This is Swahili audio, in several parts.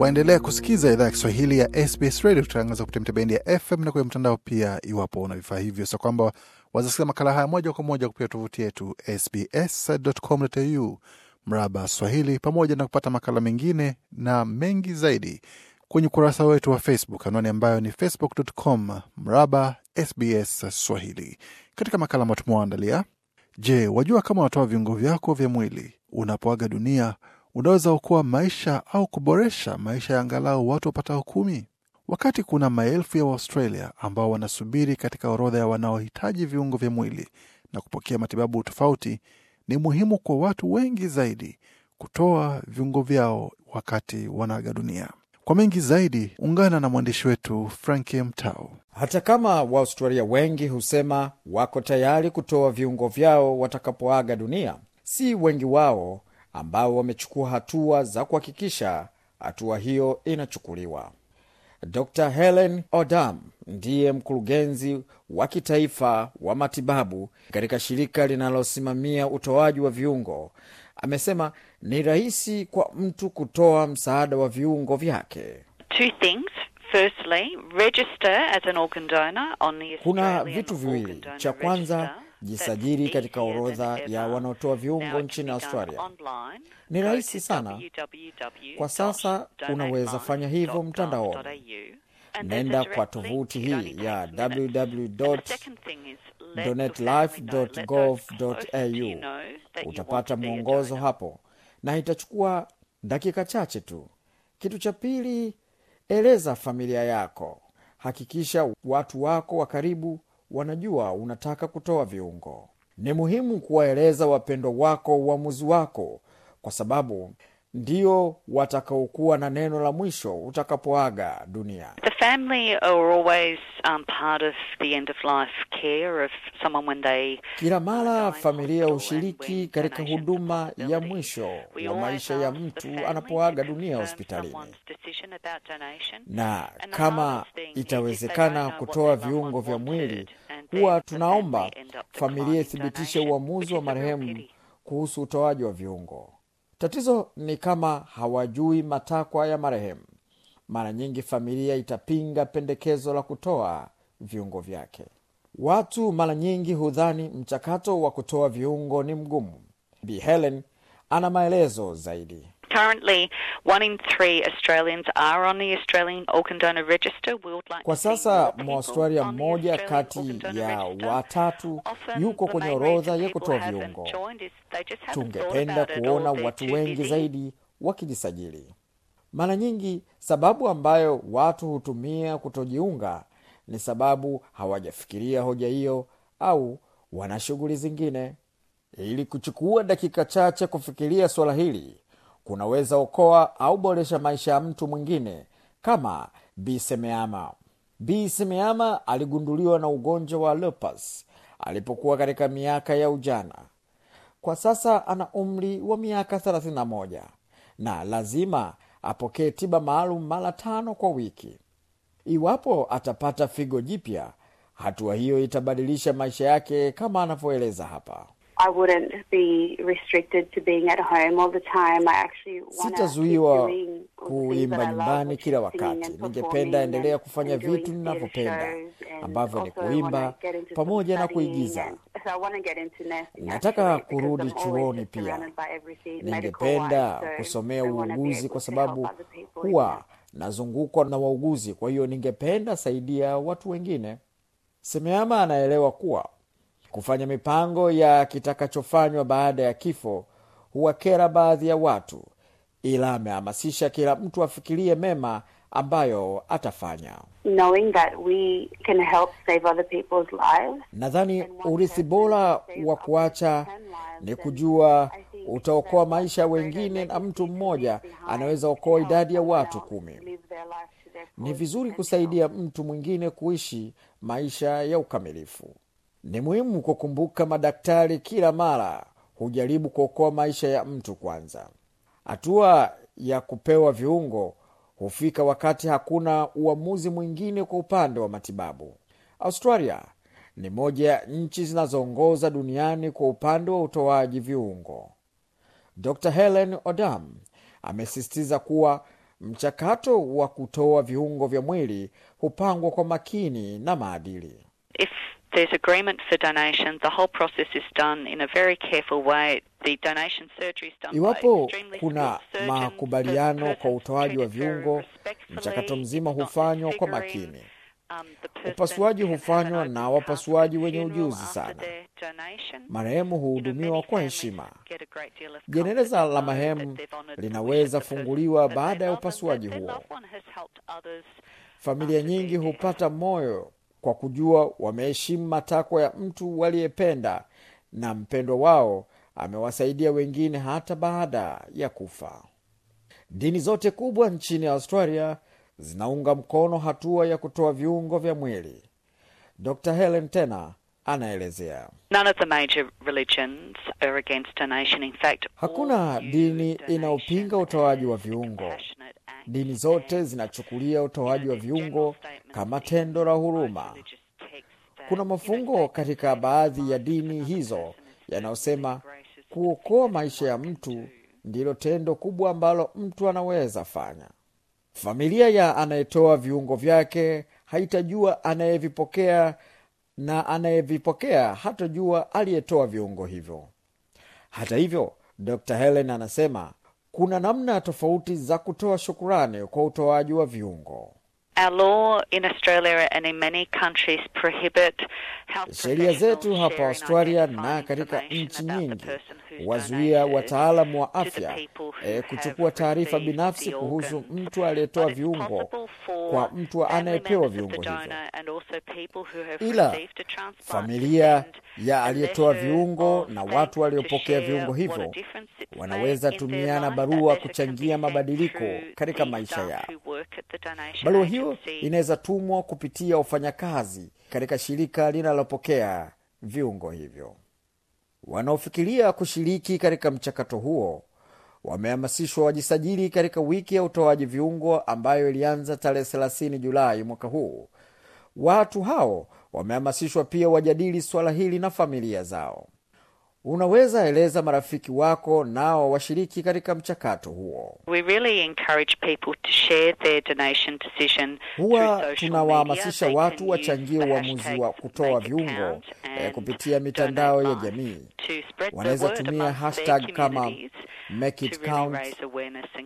Waendelea kusikiza idhaa ya Kiswahili ya SBS Radio, tutangaza kupitia mitabendi ya FM na kwenye mtandao pia, iwapo una vifaa hivyo, so kwamba wazasikiza makala haya moja kwa moja kupitia tovuti yetu sbs.com.au mraba Swahili, pamoja na kupata makala mengine na mengi zaidi kwenye ukurasa wetu wa Facebook, anwani ambayo ni facebook.com mraba SBS Swahili. Katika makala ambayo tumewaandalia, je, wajua kama unatoa viungo vyako vya mwili unapoaga dunia unaweza okoa maisha au kuboresha maisha ya angalau watu wapatao kumi. Wakati kuna maelfu ya Waustralia ambao wanasubiri katika orodha ya wanaohitaji viungo vya mwili na kupokea matibabu tofauti, ni muhimu kwa watu wengi zaidi kutoa viungo vyao wakati wanaaga dunia. Kwa mengi zaidi, ungana na mwandishi wetu Frank Mtao. Hata kama Waaustralia wengi husema wako tayari kutoa viungo vyao watakapoaga dunia, si wengi wao ambao wamechukua hatua za kuhakikisha hatua hiyo inachukuliwa. Dr Helen Odam ndiye mkurugenzi wa kitaifa wa matibabu katika shirika linalosimamia utoaji wa viungo. Amesema ni rahisi kwa mtu kutoa msaada wa viungo vyake. Firstly, as an organ donor on the Kuna vitu viwili, cha kwanza Jisajili katika orodha ya wanaotoa viungo nchini Australia. Ni rahisi sana kwa sasa, unaweza fanya hivyo mtandaoni. Nenda kwa tovuti hii ya www.donatelife.gov.au, utapata mwongozo hapo na itachukua dakika chache tu. Kitu cha pili, eleza familia yako. Hakikisha watu wako wa karibu wanajua unataka kutoa viungo. Ni muhimu kuwaeleza wapendwa wako uamuzi wako, kwa sababu ndio watakaokuwa na neno la mwisho utakapoaga dunia. The family are always, um, part of the end of life care of someone when they... Kila mara familia hushiriki katika huduma ya mwisho ya maisha ya mtu anapoaga dunia hospitalini, na kama itawezekana kutoa viungo vya mwili huwa tunaomba familia ithibitishe uamuzi wa marehemu kuhusu utoaji wa viungo. Tatizo ni kama hawajui matakwa ya marehemu. Mara nyingi familia itapinga pendekezo la kutoa viungo vyake. Watu mara nyingi hudhani mchakato wa kutoa viungo ni mgumu. Bi Helen ana maelezo zaidi. Currently, one in three Australians are on the Australian organ donor register. We would like kwa sasa Mwaustralia mmoja kati ya watatu yuko kwenye orodha ya kutoa viungo. Tungependa kuona watu wengi zaidi wakijisajili. Mara nyingi sababu ambayo watu hutumia kutojiunga ni sababu hawajafikiria hoja hiyo au wana shughuli zingine. Ili kuchukua dakika chache kufikiria suala hili kunaweza okoa au boresha maisha ya mtu mwingine kama bisemeama bisemeama aligunduliwa na ugonjwa wa lupus alipokuwa katika miaka ya ujana kwa sasa ana umri wa miaka 31 na lazima apokee tiba maalum mara tano kwa wiki iwapo atapata figo jipya hatua hiyo itabadilisha maisha yake kama anavyoeleza hapa Sitazuiwa kuimba nyumbani kila wakati. Ningependa endelea kufanya vitu ninavyopenda ambavyo ni kuimba pamoja na kuigiza. Nataka kurudi chuoni pia. Ningependa kusomea uuguzi kwa sababu huwa nazungukwa na wauguzi, kwa hiyo ningependa saidia watu wengine. Semeama anaelewa kuwa Kufanya mipango ya kitakachofanywa baada ya kifo huwakera baadhi ya watu, ila amehamasisha kila mtu afikirie mema ambayo atafanya. Nadhani urithi bora wa kuacha ni kujua utaokoa maisha wengine, na mtu mmoja anaweza okoa idadi ya watu kumi. Ni vizuri kusaidia mtu mwingine kuishi maisha ya ukamilifu. Ni muhimu kukumbuka, madaktari kila mara hujaribu kuokoa maisha ya mtu kwanza. Hatua ya kupewa viungo hufika wakati hakuna uamuzi mwingine kwa upande wa matibabu. Australia ni moja ya nchi zinazoongoza duniani kwa upande wa utoaji viungo. Dr Helen Odam amesisitiza kuwa mchakato wa kutoa viungo vya mwili hupangwa kwa makini na maadili if there's agreement for donation, the whole process is done in a very careful way. The donation surgery is done Iwapo kuna makubaliano kwa utoaji wa viungo, mchakato mzima hufanywa kwa makini. Um, upasuaji hufanywa na wapasuaji wenye ujuzi sana. Marehemu huhudumiwa kwa heshima. Jeneza la marehemu linaweza funguliwa baada ya upasuaji huo. Familia um, nyingi hupata moyo kwa kujua wameheshimu matakwa ya mtu waliyependa na mpendwa wao amewasaidia wengine hata baada ya kufa. Dini zote kubwa nchini Australia zinaunga mkono hatua ya kutoa viungo vya mwili. Dr Helen tena anaelezea hakuna dini inaopinga utoaji wa viungo. Dini zote zinachukulia utoaji wa viungo kama tendo la huruma. Kuna mafungo katika baadhi ya dini hizo yanayosema kuokoa maisha ya mtu ndilo tendo kubwa ambalo mtu anaweza fanya. Familia ya anayetoa viungo vyake haitajua anayevipokea, na anayevipokea hatajua aliyetoa viungo hivyo. Hata hivyo, Dr Helen anasema kuna namna tofauti za kutoa shukurani kwa utoaji wa viungo. Sheria zetu hapa Australia na katika nchi nyingi wazuia wataalamu wa afya e, kuchukua taarifa binafsi kuhusu mtu aliyetoa viungo kwa mtu anayepewa viungo hivyo, ila familia ya aliyetoa uh, viungo na watu waliopokea viungo hivyo wanaweza tumiana barua kuchangia mabadiliko katika maisha yao. Barua hiyo inaweza tumwa kupitia wafanyakazi katika shirika linalopokea viungo hivyo. Wanaofikiria kushiriki katika mchakato huo wamehamasishwa wajisajili katika wiki ya utoaji viungo ambayo ilianza tarehe 30 Julai mwaka huu. Watu hao wamehamasishwa pia wajadili suala hili na familia zao. Unaweza eleza marafiki wako nao washiriki katika mchakato huo. We really encourage people to share their donation decision. Huwa tunawahamasisha watu wachangie uamuzi wa kutoa viungo eh, kupitia mitandao ya jamii. Wanaweza tumia hashtag kama Make it count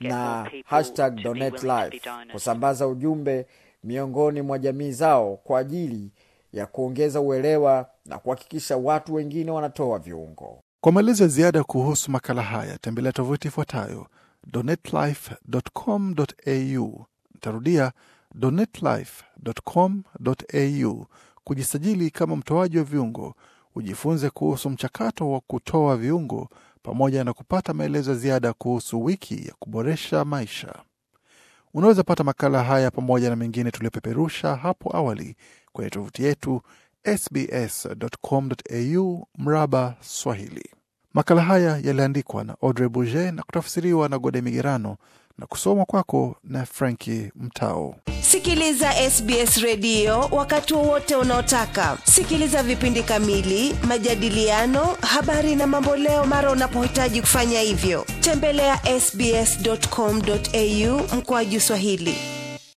na hashtag donate life kusambaza ujumbe miongoni mwa jamii zao kwa ajili ya kuongeza uelewa na kuhakikisha watu wengine wanatoa viungo. Kwa maelezo ya ziada kuhusu makala haya tembelea tovuti ifuatayo donatelife.com.au. Nitarudia donatelife.com.au kujisajili kama mtoaji wa viungo, ujifunze kuhusu mchakato wa kutoa viungo pamoja na kupata maelezo ya ziada kuhusu wiki ya kuboresha maisha. Unaweza pata makala haya pamoja na mengine tuliyopeperusha hapo awali kwenye tovuti yetu sbs.com.au mraba Swahili. Makala haya yaliandikwa na Audrey Bouget na kutafsiriwa na Gode Migerano na kusomwa kwako na Franki Mtao. Sikiliza SBS redio wakati wowote unaotaka. Sikiliza vipindi kamili, majadiliano, habari na mamboleo mara unapohitaji kufanya hivyo. Tembelea ya sbs.com.au mkoaju Swahili.